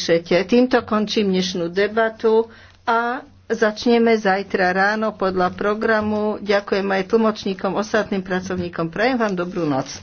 píšete. Týmto končím dnešnú debatu a začneme zajtra ráno podľa programu. Ďakujem aj tlmočníkom, ostatným pracovníkom. Prajem vám dobrú noc.